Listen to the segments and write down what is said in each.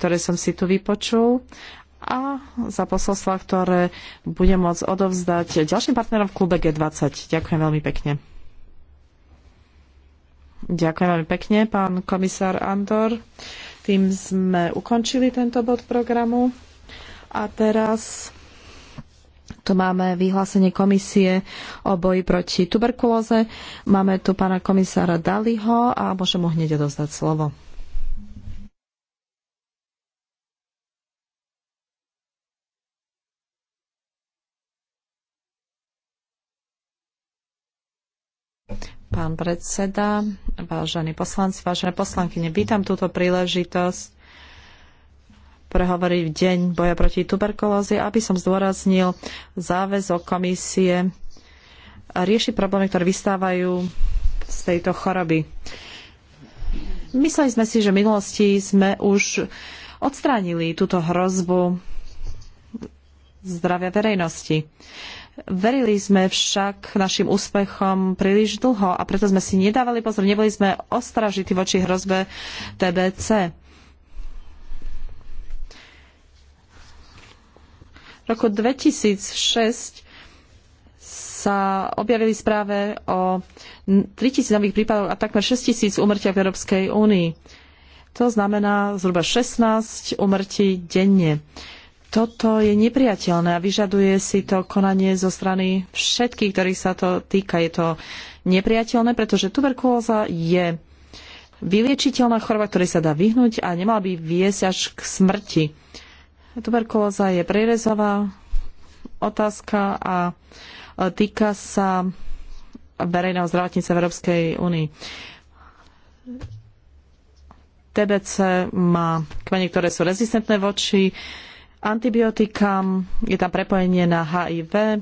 ktoré som si tu vypočul a za posolstva, ktoré budem môcť odovzdať ďalším partnerom v klube G20. Ďakujem veľmi pekne. Ďakujem veľmi pekne, pán komisár Andor. Tým sme ukončili tento bod programu. A teraz tu máme vyhlásenie komisie o boji proti tuberkulóze. Máme tu pána komisára Daliho a môžem mu hneď odovzdať slovo. pán predseda, vážení poslanci, vážené poslankyne. Vítam túto príležitosť prehovoriť v deň boja proti tuberkulóze, aby som zdôraznil záväzok komisie riešiť problémy, ktoré vystávajú z tejto choroby. Mysleli sme si, že v minulosti sme už odstránili túto hrozbu zdravia verejnosti. Verili sme však našim úspechom príliš dlho a preto sme si nedávali pozor, neboli sme ostražití voči hrozbe TBC. V roku 2006 sa objavili správe o 3000 nových prípadov a takmer 6000 úmrtia v Európskej únii. To znamená zhruba 16 úmrtí denne. Toto je nepriateľné a vyžaduje si to konanie zo strany všetkých, ktorých sa to týka. Je to nepriateľné, pretože tuberkulóza je vyliečiteľná choroba, ktorej sa dá vyhnúť a nemala by viesť až k smrti. Tuberkulóza je prerezová otázka a týka sa verejného zdravotníca v Európskej únii. TBC má kmene, ktoré sú rezistentné voči antibiotikám, je tam prepojenie na HIV.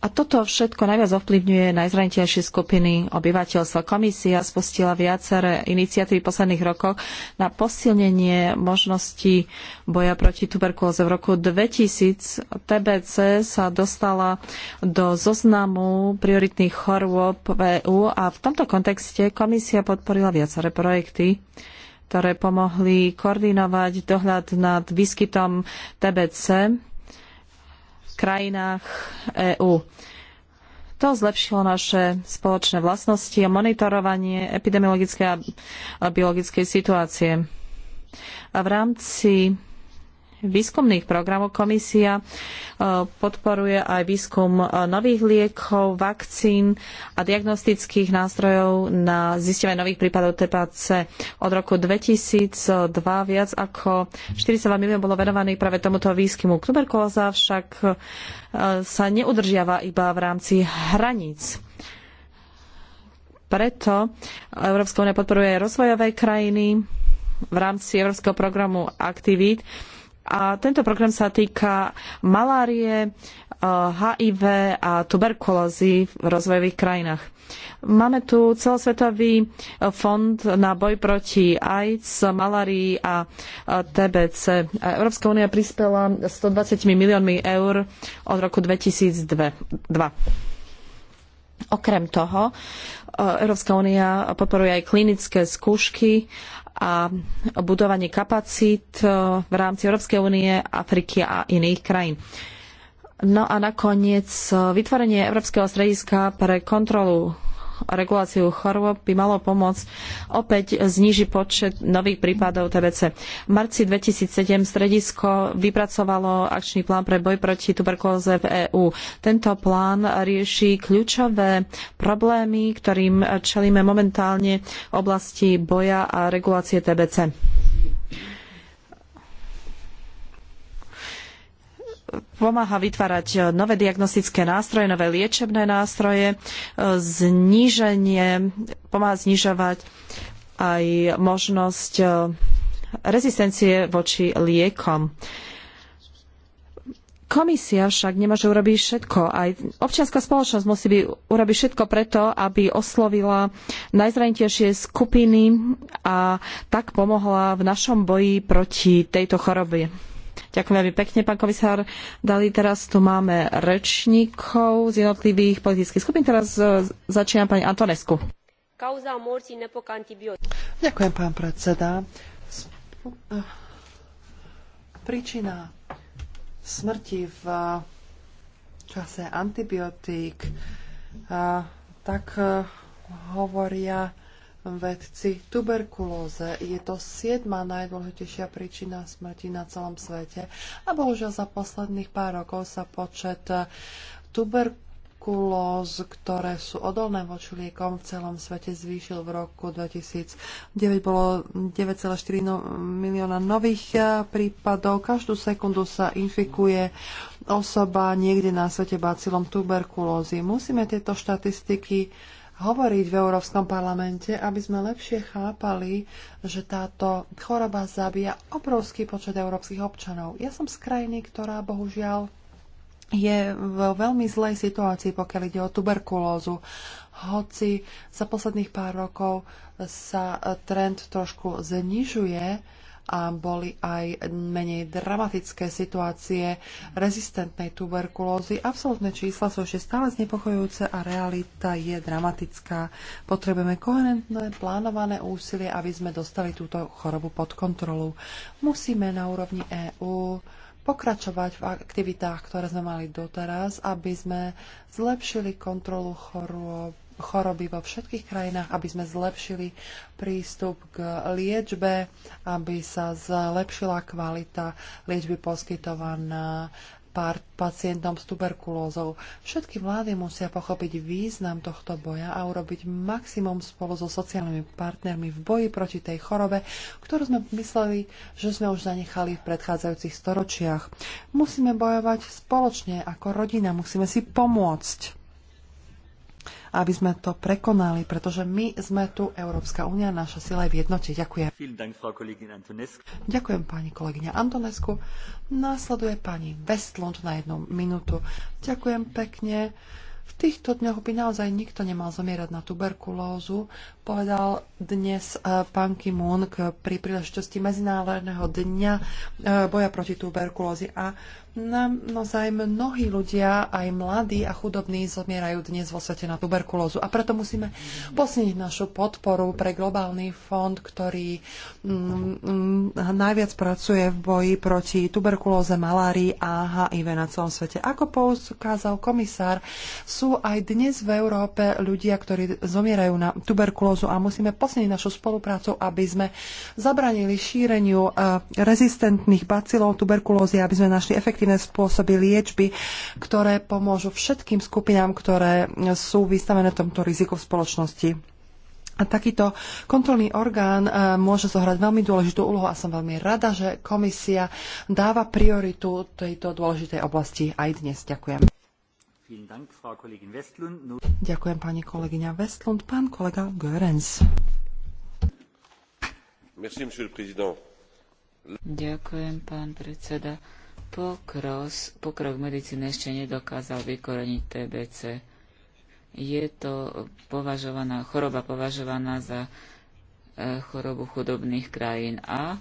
A toto všetko najviac ovplyvňuje najzraniteľšie skupiny obyvateľstva. Komisia spustila viaceré iniciatívy v posledných rokoch na posilnenie možností boja proti tuberkulóze. V roku 2000 TBC sa dostala do zoznamu prioritných chorôb v EÚ a v tomto kontexte komisia podporila viaceré projekty, ktoré pomohli koordinovať dohľad nad výskytom TBC v krajinách EÚ. To zlepšilo naše spoločné vlastnosti a monitorovanie epidemiologickej a biologickej situácie. A v rámci výskumných programov komisia e, podporuje aj výskum e, nových liekov, vakcín a diagnostických nástrojov na zistenie nových prípadov TPC. Od roku 2002 viac ako 42 milión bolo venovaných práve tomuto výskumu. Tuberkulóza však e, sa neudržiava iba v rámci hraníc preto Európska únia podporuje aj rozvojové krajiny v rámci Európskeho programu aktivít a tento program sa týka malárie, HIV eh, a tuberkulózy v rozvojových krajinách. Máme tu celosvetový eh, fond na boj proti AIDS, malárii a eh, TBC. Európska únia prispela 120 miliónmi eur od roku 2002. Okrem toho, Európska únia podporuje aj klinické skúšky a budovanie kapacít e, v rámci Európskej únie, Afriky a iných krajín. No a nakoniec e, vytvorenie Európskeho strediska pre kontrolu reguláciu chorôb by malo pomôcť opäť zníži počet nových prípadov TBC. V marci 2007 stredisko vypracovalo akčný plán pre boj proti tuberkulóze v EÚ. Tento plán rieši kľúčové problémy, ktorým čelíme momentálne v oblasti boja a regulácie TBC. pomáha vytvárať e, nové diagnostické nástroje, nové liečebné nástroje, e, zníženie, pomáha znižovať aj možnosť e, rezistencie voči liekom. Komisia však nemôže urobiť všetko. Aj občianská spoločnosť musí by urobiť všetko preto, aby oslovila najzraniteľšie skupiny a tak pomohla v našom boji proti tejto chorobe. Ďakujem veľmi pekne, pán komisár. Dali teraz tu máme rečníkov z jednotlivých politických skupín. Teraz e, začína pani Antonescu. Ďakujem, pán predseda. Príčina smrti v čase antibiotík, e, tak e, hovoria vedci tuberkulóze. Je to siedma najdôležitejšia príčina smrti na celom svete a bohužiaľ za posledných pár rokov sa počet eh, tuberkulóz, ktoré sú odolné voči liekom v celom svete zvýšil v roku 2009. Bolo 9,4 no, milióna nových eh, prípadov. Každú sekundu sa infikuje osoba niekde na svete bacilom tuberkulózy. Musíme tieto štatistiky hovoriť v Európskom parlamente, aby sme lepšie chápali, že táto choroba zabíja obrovský počet európskych občanov. Ja som z krajiny, ktorá bohužiaľ je v veľmi zlej situácii, pokiaľ ide o tuberkulózu. Hoci za posledných pár rokov sa trend trošku znižuje, a boli aj menej dramatické situácie rezistentnej tuberkulózy. Absolutné čísla sú ešte stále znepokojujúce a realita je dramatická. Potrebujeme koherentné, plánované úsilie, aby sme dostali túto chorobu pod kontrolu. Musíme na úrovni EÚ pokračovať v aktivitách, ktoré sme mali doteraz, aby sme zlepšili kontrolu chorôb choroby vo všetkých krajinách, aby sme zlepšili prístup k liečbe, aby sa zlepšila kvalita liečby poskytovaná pacientom s tuberkulózou. Všetky vlády musia pochopiť význam tohto boja a urobiť maximum spolu so sociálnymi partnermi v boji proti tej chorobe, ktorú sme mysleli, že sme už zanechali v predchádzajúcich storočiach. Musíme bojovať spoločne ako rodina, musíme si pomôcť aby sme to prekonali, pretože my sme tu Európska únia, naša sila je v jednote. Ďakujem. Ďakujem pani kolegyňa Antonesku. Následuje pani Westlund na jednu minútu. Ďakujem pekne. V týchto dňoch by naozaj nikto nemal zomierať na tuberkulózu, povedal dnes eh, pán Kim Moon pri príležitosti Medzinárodného dňa eh, boja proti tuberkulózi. A Naozaj mnohí ľudia, aj mladí a chudobní, zomierajú dnes vo svete na tuberkulózu. A preto musíme posniť našu podporu pre globálny fond, ktorý mm, mm, najviac pracuje v boji proti tuberkulóze, malárii a HIV na celom svete. Ako poukázal komisár, sú aj dnes v Európe ľudia, ktorí zomierajú na tuberkulózu a musíme posniť našu spoluprácu, aby sme zabranili šíreniu eh, rezistentných bacilov tuberkulózy, aby sme našli efekt efektívne spôsoby liečby, ktoré pomôžu všetkým skupinám, ktoré sú vystavené tomto riziku v spoločnosti. A takýto kontrolný orgán e, môže zohrať veľmi dôležitú úlohu a som veľmi rada, že komisia dáva prioritu tejto dôležitej oblasti aj dnes. Ďakujem. Ďakujem pani kolegyňa Westlund. Pán kolega Görens. Ďakujem, pán predseda Pokros, pokrok medicíny ešte nedokázal vykoreniť TBC. Je to považovaná, choroba považovaná za e, chorobu chudobných krajín a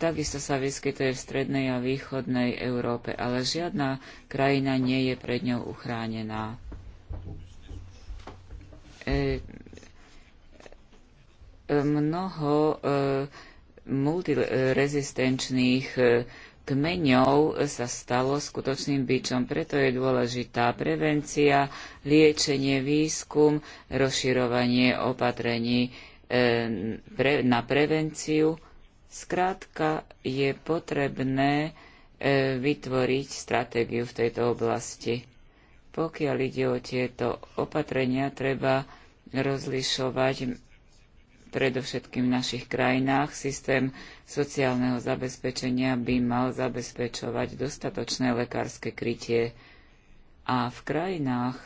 takisto sa vyskytuje v strednej a východnej Európe, ale žiadna krajina nie je pred ňou uchránená. E, e mnoho e, multirezistenčných e, kmeňov sa stalo skutočným bičom. Preto je dôležitá prevencia, liečenie, výskum, rozširovanie opatrení eh, na prevenciu. Skrátka je potrebné eh, vytvoriť stratégiu v tejto oblasti. Pokiaľ ide o tieto opatrenia, treba rozlišovať predovšetkým v našich krajinách. Systém sociálneho zabezpečenia by mal zabezpečovať dostatočné lekárske krytie. A v krajinách,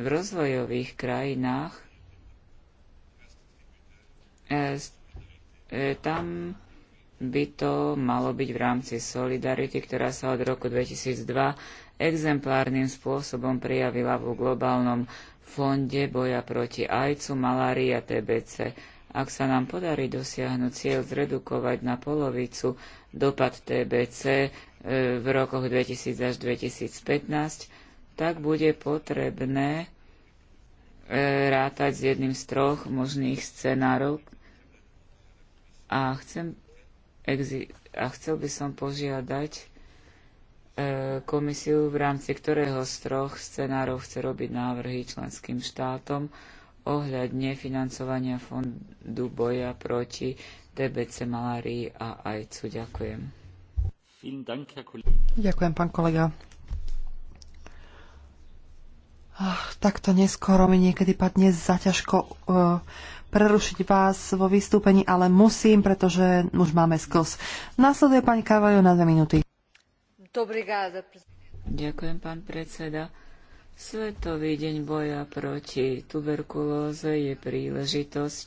v rozvojových krajinách, e, e, tam by to malo byť v rámci solidarity, ktorá sa od roku 2002 exemplárnym spôsobom prijavila v globálnom fonde boja proti ajcu, malárii a TBC. Ak sa nám podarí dosiahnuť cieľ zredukovať na polovicu dopad TBC e, v rokoch 2000 až 2015, tak bude potrebné e, rátať s jedným z troch možných scenárov. A, chcem, a chcel by som požiadať komisiu, v rámci ktorého z troch scenárov chce robiť návrhy členským štátom ohľadne financovania fondu boja proti TBC, malárii a ajcu. Ďakujem. Ďakujem, pán kolega. Ach, takto neskoro mi niekedy padne zaťažko uh, e, prerušiť vás vo vystúpení, ale musím, pretože už máme skos. Nasleduje pani Kavajo na dve minúty. Ďakujem, pán predseda. Svetový deň boja proti tuberkulóze je príležitosť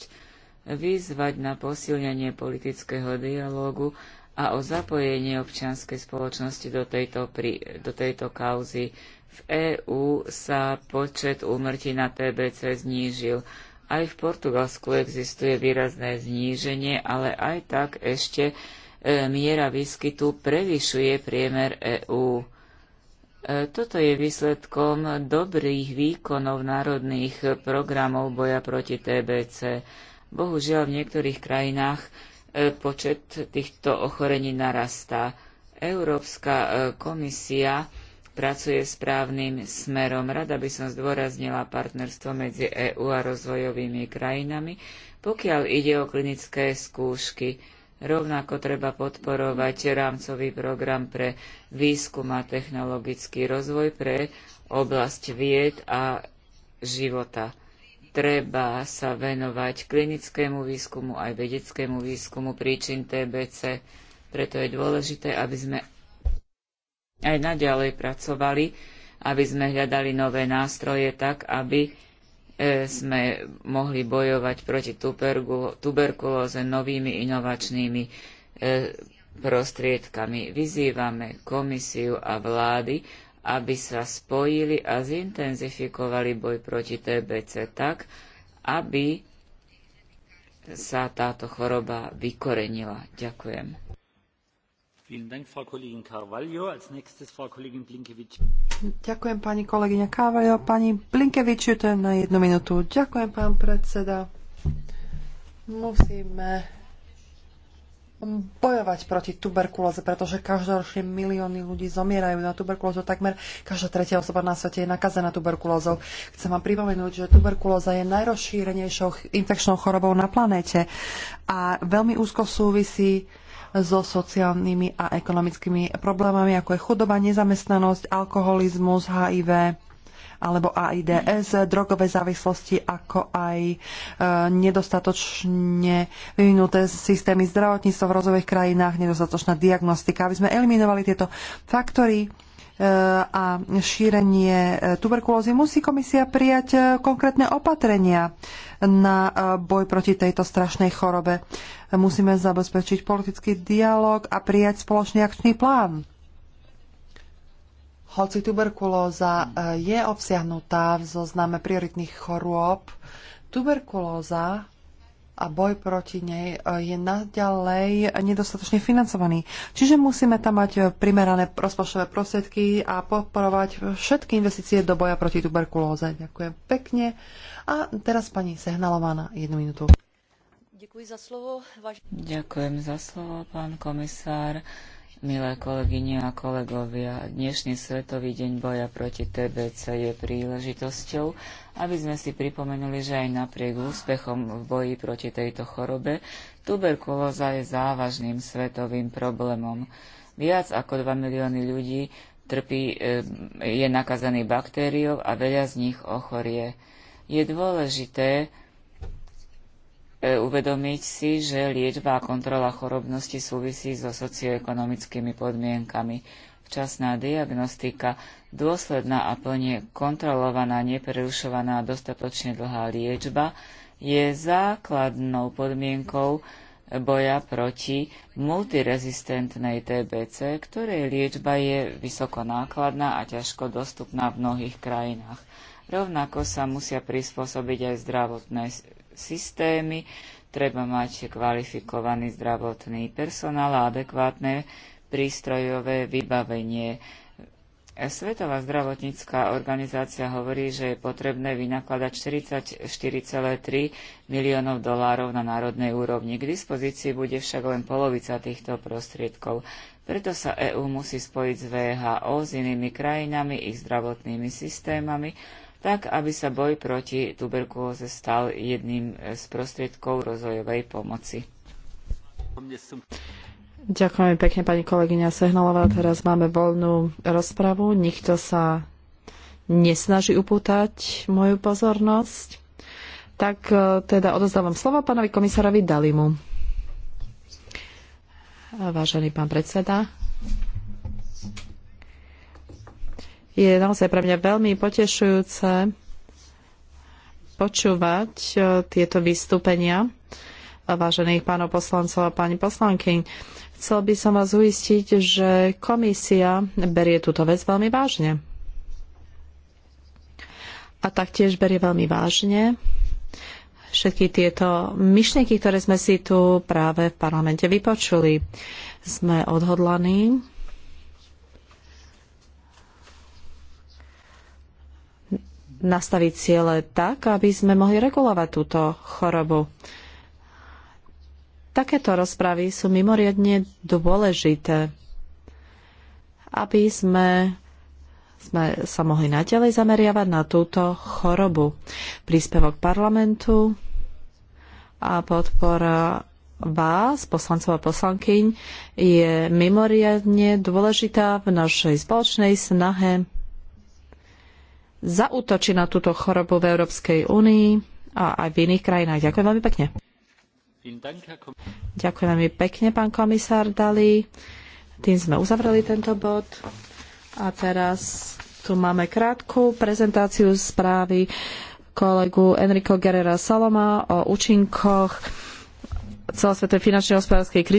vyzvať na posilnenie politického dialógu a o zapojenie občianskej spoločnosti do tejto, pri, do tejto kauzy. V EÚ sa počet úmrtí na TBC znížil. Aj v Portugalsku existuje výrazné zníženie, ale aj tak ešte E, miera výskytu prevyšuje priemer EÚ. E, toto je výsledkom dobrých výkonov národných programov boja proti TBC. Bohužiaľ v niektorých krajinách e, počet týchto ochorení narastá. Európska komisia pracuje správnym smerom. Rada by som zdôraznila partnerstvo medzi EÚ a rozvojovými krajinami, pokiaľ ide o klinické skúšky. Rovnako treba podporovať rámcový program pre výskum a technologický rozvoj pre oblasť vied a života. Treba sa venovať klinickému výskumu aj vedeckému výskumu príčin TBC. Preto je dôležité, aby sme aj naďalej pracovali, aby sme hľadali nové nástroje tak, aby E, sme mohli bojovať proti tuberkulóze novými inovačnými e, prostriedkami. Vyzývame komisiu a vlády, aby sa spojili a zintenzifikovali boj proti TBC tak, aby sa táto choroba vykorenila. Ďakujem. Ďakujem pani kolegyňa Carvalho. Pani Blinkevičiu, to na jednu minútu. Ďakujem, pán predseda. Musíme bojovať proti tuberkulóze, pretože každoročne milióny ľudí zomierajú na tuberkulózu. Takmer každá tretia osoba na svete je nakazená tuberkulózou. Chcem vám pripomenúť, že tuberkulóza je najrozšírenejšou infekčnou chorobou na planéte a veľmi úzko súvisí so sociálnymi a ekonomickými problémami, ako je chudoba, nezamestnanosť, alkoholizmus, HIV, alebo AIDS, drogové závislosti, ako aj e, nedostatočne vyvinuté systémy zdravotníctva v rozových krajinách, nedostatočná diagnostika, aby sme eliminovali tieto faktory e, a šírenie e, tuberkulózy, musí komisia prijať konkrétne opatrenia na boj proti tejto strašnej chorobe. Musíme zabezpečiť politický dialog a prijať spoločný akčný plán. Hoci tuberkulóza eh, je obsiahnutá v zozname prioritných chorôb, tuberkulóza a boj proti nej eh, je naďalej nedostatočne financovaný. Čiže musíme tam mať eh, primerané rozpočtové prostriedky a podporovať všetky investície do boja proti tuberkulóze. Ďakujem pekne. A teraz pani Sehnalová na jednu minútu. Ďakujem za slovo, váž... Ďakujem za slovo, pán komisár. Milé kolegyne a kolegovia, dnešný Svetový deň boja proti TBC je príležitosťou, aby sme si pripomenuli, že aj napriek úspechom v boji proti tejto chorobe, tuberkulóza je závažným svetovým problémom. Viac ako 2 milióny ľudí trpí, eh, je nakazaný baktériou a veľa z nich ochorie. Je dôležité, E, uvedomiť si, že liečba a kontrola chorobnosti súvisí so socioekonomickými podmienkami. Včasná diagnostika, dôsledná a plne kontrolovaná, neprerušovaná a dostatočne dlhá liečba je základnou podmienkou boja proti multirezistentnej TBC, ktorej liečba je vysoko nákladná a ťažko dostupná v mnohých krajinách. Rovnako sa musia prispôsobiť aj zdravotné systémy, treba mať kvalifikovaný zdravotný personál a adekvátne prístrojové vybavenie. Svetová zdravotnícká organizácia hovorí, že je potrebné vynakladať 44,3 miliónov dolárov na národnej úrovni. K dispozícii bude však len polovica týchto prostriedkov. Preto sa EÚ musí spojiť s VHO, s inými krajinami, ich zdravotnými systémami tak aby sa boj proti tuberkulóze stal jedným z prostriedkov rozvojovej pomoci. Ďakujem pekne pani kolegyňa Sehnalová. Teraz máme voľnú rozpravu. Nikto sa nesnaží upútať moju pozornosť. Tak e, teda odozdávam slovo pánovi komisárovi Dalimu. Vážený pán predseda, je naozaj pre mňa veľmi potešujúce počúvať e, tieto vystúpenia e, vážených pánov poslancov a pani poslanky. Chcel by som vás uistiť, že komisia berie túto vec veľmi vážne. A taktiež berie veľmi vážne všetky tieto myšlienky, ktoré sme si tu práve v parlamente vypočuli. Sme odhodlaní nastaviť ciele tak, aby sme mohli regulovať túto chorobu. Takéto rozpravy sú mimoriadne dôležité, aby sme, sme sa mohli naďalej zameriavať na túto chorobu. Príspevok parlamentu a podpora vás, poslancov a poslankyň, je mimoriadne dôležitá v našej spoločnej snahe zautočí na túto chorobu v Európskej únii a aj v iných krajinách. Ďakujem veľmi pekne. Ďakujem veľmi pekne, pán komisár Dali. Tým sme uzavreli tento bod. A teraz tu máme krátku prezentáciu správy kolegu Enrico Guerrera Saloma o účinkoch celosvetovej finančnej a hospodárskej krízy